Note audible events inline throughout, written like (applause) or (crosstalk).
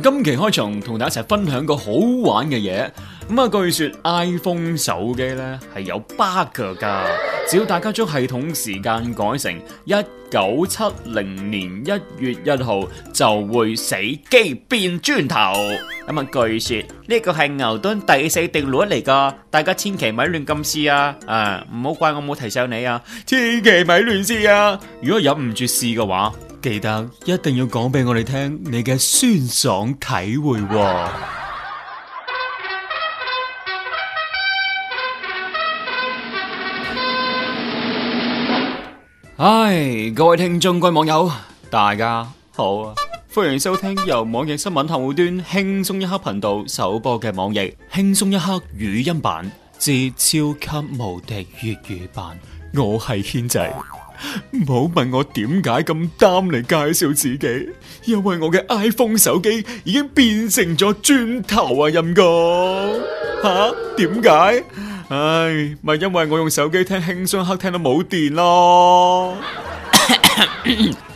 今期開場同大家一齊分享個好玩嘅嘢，咁啊，據說 iPhone 手機呢係有 bug 㗎。只要大家將系統時間改成一九七零年一月一號，就會死機變磚頭。咁啊，據說呢個係牛頓第四定律嚟噶，大家千祈咪亂咁試啊！啊，唔好怪我冇提醒你啊，千祈咪亂試啊！如果忍唔住試嘅話，記得一定要講俾我哋聽你嘅酸爽體會哦。唉，各位聽眾、各位網友，大家好啊！歡迎收聽由網易新聞客戶端輕鬆一刻頻道首播嘅網易輕鬆一刻語音版至超級無敵粵語版。我係軒仔，唔好問我點解咁擔嚟介紹自己，因為我嘅 iPhone 手機已經變成咗磚頭啊！任哥，吓？點解？唉，咪、就是，因為我用手機聽輕鬆黑聽到冇電咯。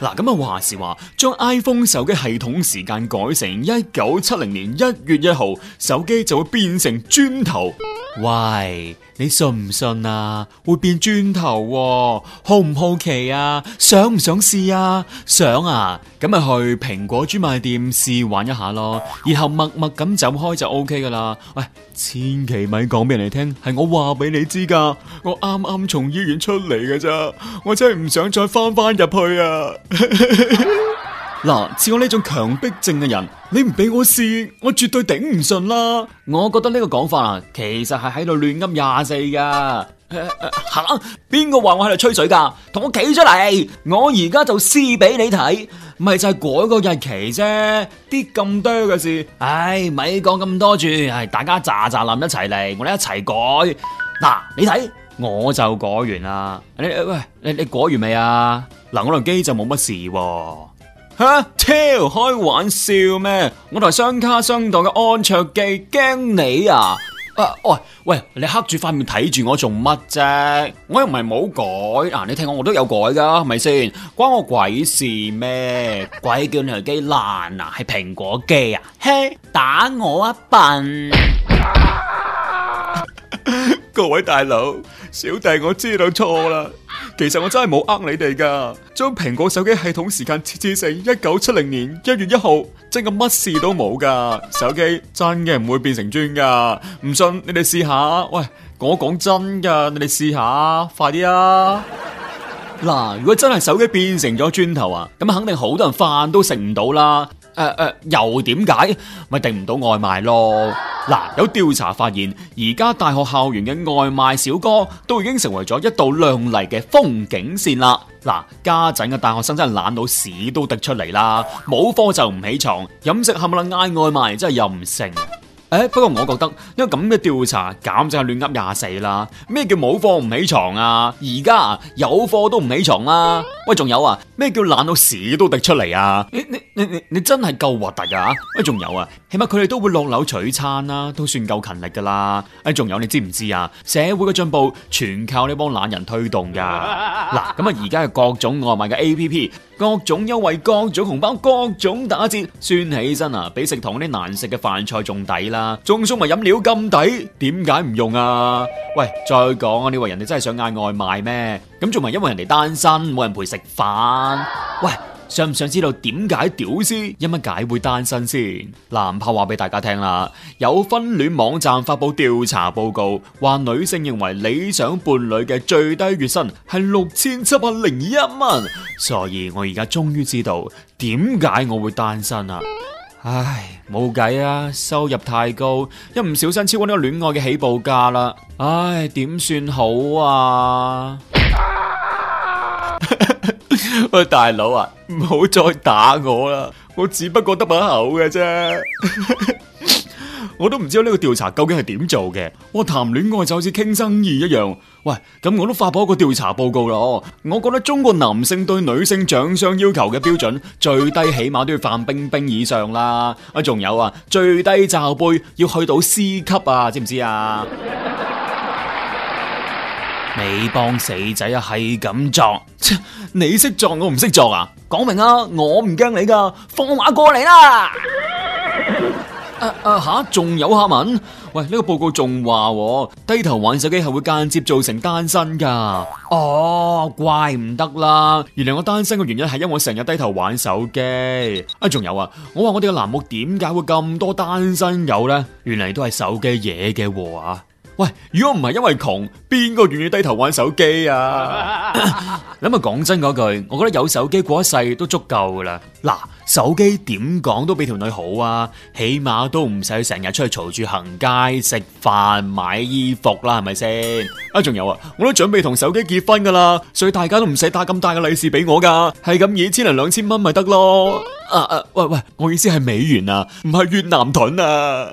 嗱，咁 (coughs) 啊，話時話，將 iPhone 手機系統時間改成一九七零年一月一號，手機就會變成磚頭。喂，你信唔信啊？會變磚頭喎，好唔好奇啊？想唔想試啊？想啊，咁咪去蘋果專賣店試玩一下咯，然後默默咁走開就 OK 噶啦。喂，千祈咪講俾人哋聽，係我話俾你知噶。我啱啱從醫院出嚟噶咋，我真係唔想再翻翻入去啊。 (laughs) 嗱，似我呢種強迫症嘅人，你唔俾我試，我絕對頂唔順啦。我覺得呢個講法啊，其實係喺度亂噏廿四㗎。吓、啊，邊個話我喺度吹水噶？同我企出嚟，我而家就試俾你睇，咪就係改個日期啫。啲咁多嘅事，唉、哎，咪講咁多住，係、哎、大家喳喳林一齊嚟，我哋一齊改。嗱、啊，你睇，我就改完啦。你喂，你你，你改完未啊？嗱，我台機就冇乜事。吓、啊，超開玩笑咩？我台雙卡雙待嘅安卓機驚你啊！誒、啊，喂喂，你黑住塊面睇住我做乜啫？我又唔係冇改，嗱、啊，你聽我，我都有改噶，係咪先？關我鬼事咩？鬼叫你台機爛啊？係蘋果機啊？嘿，打我啊笨！ (laughs) 各位大佬，小弟我知道錯啦。其實我真係冇呃你哋噶，將蘋果手機系統時間設置成一九七零年一月一號，真係乜事都冇噶，手機真嘅唔會變成磚噶，唔信你哋試下，喂，我講真噶，你哋試下，快啲啊！嗱， (laughs) 如果真係手機變成咗磚頭啊，咁肯定好多人飯都食唔到啦。誒誒，又點解？咪訂唔到外賣咯？嗱，有調查發現，而家大學校園嘅外賣小哥都已經成為咗一道亮麗嘅風景線啦。嗱，家陣嘅大學生真係懶到屎都滴出嚟啦，冇課就唔起床，飲食係咪嗌外賣？真係任性。誒、哎，不過我覺得，因為咁嘅調查簡直係亂噏廿四啦。咩叫冇課唔起床啊？而家啊有課都唔起床啦、啊。喂，仲有啊，咩叫懶到屎都滴出嚟啊？你你你你你真係夠核突噶吓。喂，仲有啊，起碼佢哋都會落樓取餐啦、啊，都算夠勤力噶啦。誒、哎，仲有你知唔知啊？社會嘅進步全靠呢幫懶人推動噶。嗱，咁啊，而家係各種外賣嘅 A P P，各種優惠，各種紅包，各種打折，算起身啊，比食堂啲難食嘅飯菜仲抵啦。仲送埋飲料咁抵，點解唔用啊？喂，再講啊，你話人哋真係想嗌外賣咩？咁仲係因為人哋單身，冇人陪食飯。喂，想唔想知道點解屌絲一蚊解會單身先？嗱、啊、唔怕話俾大家聽啦，有婚戀網站發布調查報告，話女性認為理想伴侶嘅最低月薪係六千七百零一蚊，所以我而家終於知道點解我會單身啦、啊。唉，冇計啊！收入太高，一唔小心超過呢個戀愛嘅起步價啦！唉，點算好啊？ (laughs) 喂，大佬啊，唔好再打我啦！我只不過得把口嘅啫， (laughs) 我都唔知呢個調查究竟係點做嘅。我談戀愛就好似傾生意一樣。喂，咁我都發布一個調查報告咯。我覺得中國男性對女性長相要求嘅標準，最低起碼都要范冰冰以上啦。啊，仲有啊，最低罩杯要去到 C 級啊，知唔知啊？ (laughs) 你幫死仔啊，係咁撞， (laughs) 你識撞我唔識撞啊？講明啊，我唔驚你噶，放馬過嚟啦！ (laughs) 誒誒吓，仲、啊啊、有下文？喂，呢、這個報告仲話低頭玩手機係會間接造成單身噶。哦，怪唔得啦，原來我單身嘅原因係因為我成日低頭玩手機。啊、哎，仲有啊，我話我哋嘅欄目點解會咁多單身友咧？原嚟都係手機惹嘅啊！喂，如果唔係因為窮，邊個願意低頭玩手機啊？諗下講真嗰句，我覺得有手機過一世都足夠噶啦。嗱，手機點講都比條女好啊，起碼都唔使成日出去嘈住行街、食飯、買衣服啦，係咪先？啊，仲有啊，我都準備同手機結婚噶啦，所以大家都唔使帶咁大嘅利是俾我噶，係咁，二千零兩千蚊咪得咯。啊啊，喂喂，我意思係美元啊，唔係越南盾啊。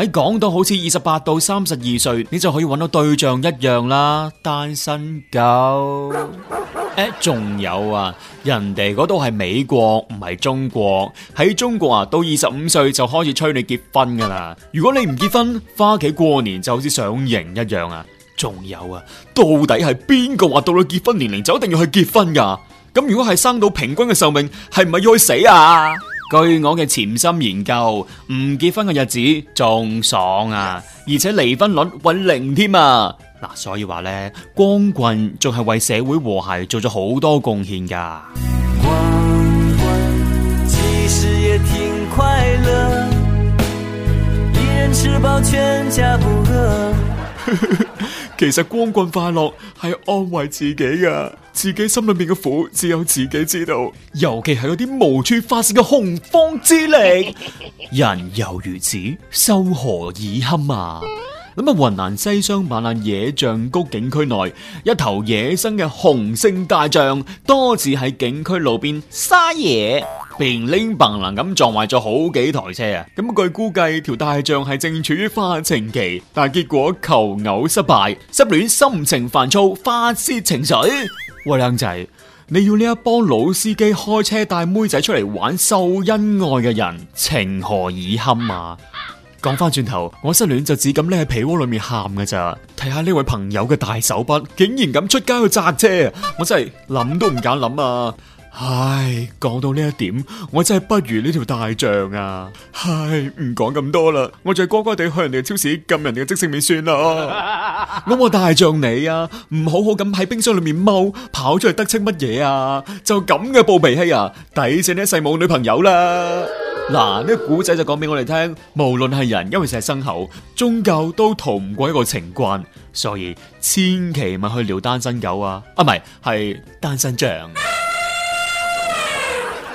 喺講到好似二十八到三十二歲，你就可以揾到對象一樣啦，單身狗。誒、欸，仲有啊，人哋嗰度係美國，唔係中國。喺中國啊，到二十五歲就開始催你結婚噶啦。如果你唔結婚，翻屋企過年就好似上刑一樣啊。仲有啊，到底係邊個話到你結婚年齡就一定要去結婚噶？咁如果係生到平均嘅壽命，係咪要去死啊？據我嘅潛心研究，唔結婚嘅日子仲爽啊，而且離婚率為零添啊！嗱、啊，所以話呢，光棍仲係為社會和諧做咗好多貢獻噶。光棍其實也挺快樂，一人吃飽全家不餓。 (laughs) 其實光棍快樂係安慰自己噶，自己心裏面嘅苦只有自己知道，尤其係嗰啲無處發泄嘅洪荒之力， (laughs) 人又如此，修何以堪啊！諗下雲南西雙版納野象谷景區內，一頭野生嘅雄性大象多次喺景區路邊撒野。突然拎唪啷咁撞壞咗好幾台車啊！咁據估計條大象係正處於發情期，但結果求偶失敗，失戀心情煩躁，發泄情緒。喂，靚仔，你要呢一幫老司機開車帶妹仔出嚟玩秀恩愛嘅人，情何以堪啊？講翻轉頭，我失戀就只敢匿喺被窩裏面喊噶咋？睇下呢位朋友嘅大手筆，竟然咁出街去砸車，我真係諗都唔敢諗啊！唉，講到呢一點，我真係不如呢條大象啊！唉，唔講咁多啦，我再乖乖地去人哋嘅超市，撳人哋嘅即食麵算啦。咁 (laughs) 我大象你啊，唔好好咁喺冰箱裏面踎，跑出去得戚乜嘢啊？就咁嘅暴脾氣啊，抵死呢一世冇女朋友啦！嗱、啊，呢、呢個古仔就講俾我哋聽，無論係人，因為定係牲口，終究都逃唔過一個情關，所以千祈咪去撩單身狗啊！啊，唔係係單身象。 (laughs)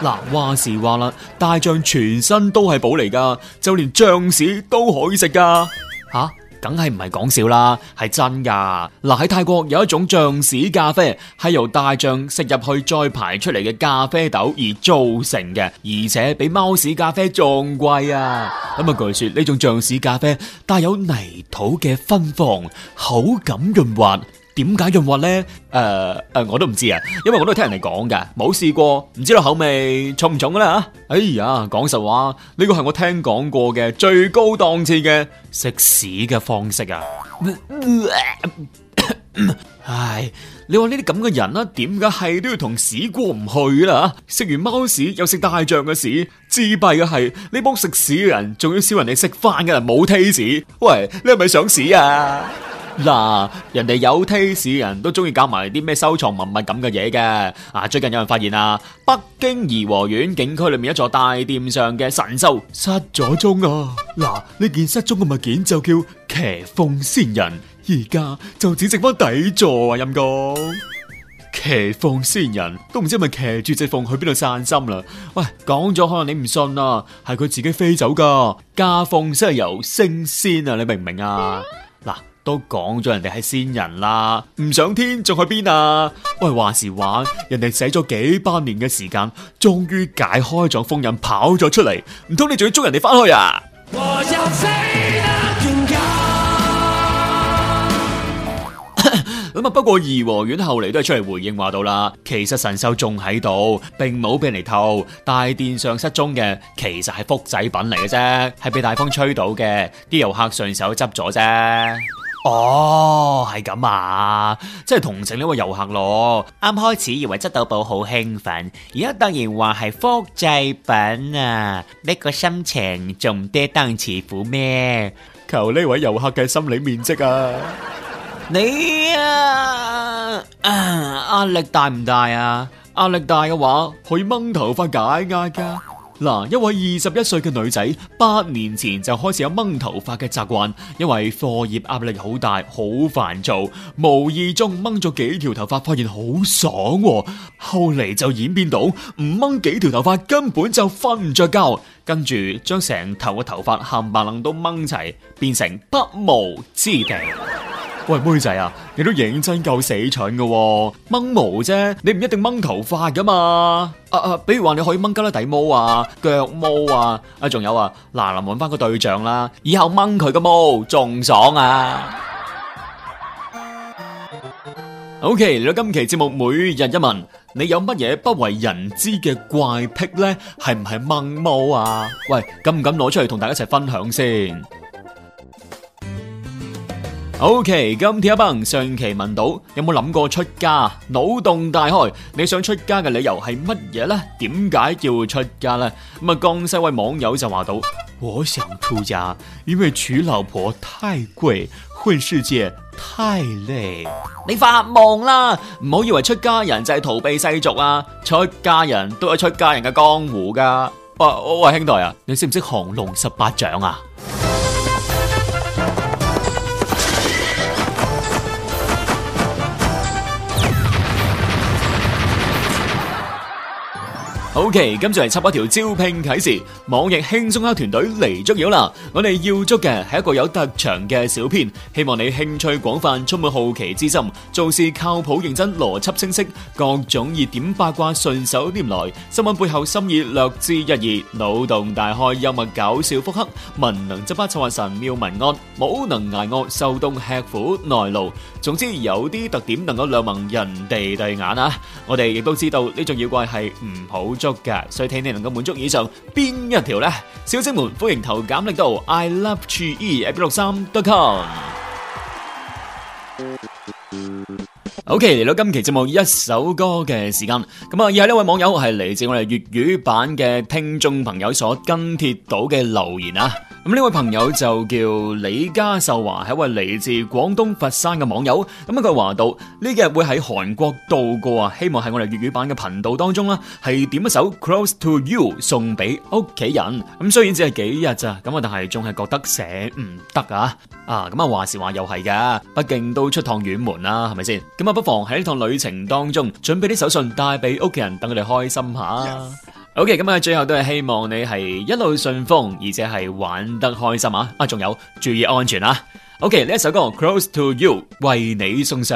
嗱，話時話啦，大象全身都係寶嚟噶，就連象屎都可以食噶吓，梗係唔係講笑啦，係真噶。嗱、啊、喺泰國有一種象屎咖啡，係由大象食入去再排出嚟嘅咖啡豆而造成嘅，而且比貓屎咖啡仲貴啊。咁啊，據說呢種象屎咖啡帶有泥土嘅芬芳，口感潤滑。點解潤滑咧？誒、呃、誒、呃，我都唔知啊，因為我都係聽人哋講嘅，冇試過，唔知道口味重唔重噶啦，哎呀，講實話，呢個係我聽講過嘅最高檔次嘅食屎嘅方式啊！呃呃呃呃呃呃、唉，你話呢啲咁嘅人啦、啊，點解係都要同屎過唔去啦？食完貓屎又食大象嘅屎，自閉嘅係呢幫食屎嘅人,燒人，仲要燒人哋食飯嘅人冇 taste，喂，你係咪想屎啊？嗱、啊，人哋有 taste 嘅人都中意搞埋啲咩收藏文物咁嘅嘢嘅。啊，最近有人發現啊，北京頤和園景區裏面一座大殿上嘅神獸失咗蹤啊！嗱、 (laughs) 啊，呢件失蹤嘅物件就叫騎鳳仙人，而家就只剩翻底座啊！陰功，騎鳳仙人都唔知係咪騎住隻鳳去邊度散心啦？喂，講咗可能你唔信啊，係佢自己飛走噶，駕鳳即係由升仙啊！你明唔明啊？嗱。 (laughs) 都講咗人哋係仙人啦，唔上天仲去邊啊？喂，話時話，人哋寫咗幾百年嘅時間，終於解開咗封印跑咗出嚟，唔通你仲要捉人哋翻去啊？咁啊，不過頤和園後嚟都係出嚟回應話到啦，其實神獸仲喺度，並冇俾人偷。大殿上失蹤嘅，其實係複製品嚟嘅啫，係被大風吹到嘅，啲遊客順手執咗啫。哦，係咁啊！即係同情呢位遊客咯，啱開始以為執到寶好興奮，而家突然話係複製品啊！呢個心情仲唔跌宕起伏咩？求呢位遊客嘅心理面積啊！ (laughs) 你啊，啊，壓力大唔大啊？壓力大嘅話可以掹頭髮解壓噶。嗱、啊，一位二十一歲嘅女仔，八年前就開始有掹頭髮嘅習慣，因為課業壓力好大，好煩躁，無意中掹咗幾條頭髮，發現好爽、啊，後嚟就演變到唔掹幾條頭髮根本就瞓唔着覺，跟住將成頭嘅頭髮冚唪唥都掹齊，變成不毛之地。喂，妹仔啊，你都認真夠死蠢噶喎，掹毛啫，你唔一定掹頭髮噶嘛。啊啊，比如話你可以掹胳肋底毛啊、腳毛啊，啊仲有啊，嗱，臨揾翻個對象啦，以後掹佢個毛仲爽啊。OK，嚟到今期節目每日一問，你有乜嘢不為人知嘅怪癖呢？係唔係掹毛啊？喂，敢唔敢攞出嚟同大家一齊分享先？O、okay, K，今天阿鵬上期問到有冇諗過出家，腦洞大開，你想出家嘅理由係乜嘢呢？點解叫出家呢？咁啊，江西位網友就話到：我想出家，因為娶老婆太貴，混世界太累。你發夢啦，唔好以為出家人就係逃避世俗啊！出家人都有出家人嘅江湖噶，啊。喂，兄弟啊，你識唔識降龍十八掌啊？O.K.，跟住嚟插播一條招聘啟事，網易輕鬆黑團隊嚟捉妖啦！我哋要捉嘅係一個有特長嘅小編，希望你興趣廣泛，充滿好奇之心，做事靠譜認真，邏輯清晰，各種熱點八卦順手拈來，新聞背後深意略知一二，腦洞大開，幽默搞笑腹黑，文能執筆策劃神妙文案，武能挨餓受凍吃苦耐勞。總之有啲特點能夠亮盲人哋對眼啊！我哋亦都知道呢種妖怪係唔好。足噶，所以睇你能夠滿足以上邊一條咧，小姐們歡迎投簡歷到，I love G E F B 六三 .com。OK，嚟到今期節目一首歌嘅時間，咁啊，以下呢位網友係嚟自我哋粵語版嘅聽眾朋友所跟貼到嘅留言啊。咁呢位朋友就叫李家秀華，係一位嚟自廣東佛山嘅網友。咁、嗯、啊，佢話到呢幾日會喺韓國度過啊，希望喺我哋粵語版嘅頻道當中啦，係點一首《Close to You》送俾屋企人。咁、嗯、雖然只係幾日咋，咁啊，但係仲係覺得捨唔得啊。啊，咁啊，話時話又係噶，畢竟都出趟遠門啦，係咪先？咁啊，不妨喺呢趟旅程當中，準備啲手信帶俾屋企人，等佢哋開心下。Yes. OK 咁啊，最後都係希望你係一路順風，而且係玩得開心啊，啊，仲有注意安全啊 OK，呢一首歌 Close to You 為你送上。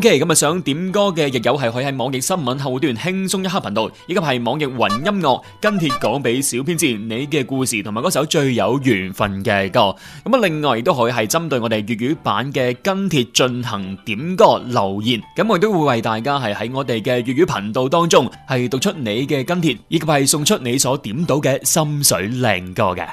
咁啊，想點歌嘅亦有係可以喺網易新聞客戶端輕鬆一刻頻道，以及係網易雲音樂跟帖講俾小編知你嘅故事同埋嗰首最有緣分嘅歌。咁啊，另外亦都可以係針對我哋粵語版嘅跟帖進行點歌留言。咁我亦都會為大家係喺我哋嘅粵語頻道當中係讀出你嘅跟帖，以及係送出你所點到嘅心水靚歌嘅。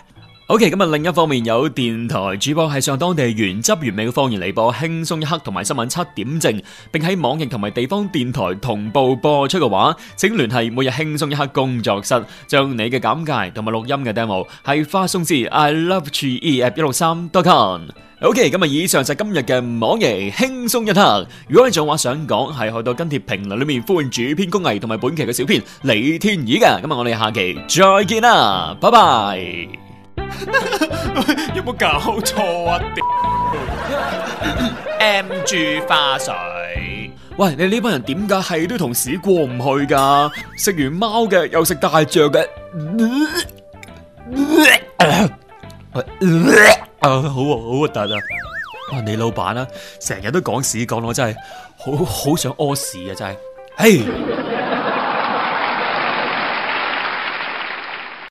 OK，咁啊，另一方面有電台主播係上當地原汁原味嘅方言嚟播輕鬆一刻同埋新聞七點正，並喺網易同埋地方電台同步播出嘅話，請聯繫每日輕鬆一刻工作室，將你嘅簡介同埋錄音嘅 demo 係發送至 I Love Tree App 一六三 dot com。OK，咁啊以上就係今日嘅網易輕鬆一刻。如果你仲有話想講，係去到跟帖評論裏面歡迎主編工藝同埋本期嘅小編李天意嘅。咁啊，我哋下期再見啦，拜拜。 (laughs) 有冇搞錯啊？點 (laughs) ？M G 花水，喂，你呢班人點解係都同屎過唔去㗎？食完貓嘅又食大象嘅，喂、嗯，啊、嗯嗯嗯嗯嗯，好，好核突啊！哇、啊，你老闆啊，成日都講屎講我真係，好好想屙屎啊，真係，嘿、hey!。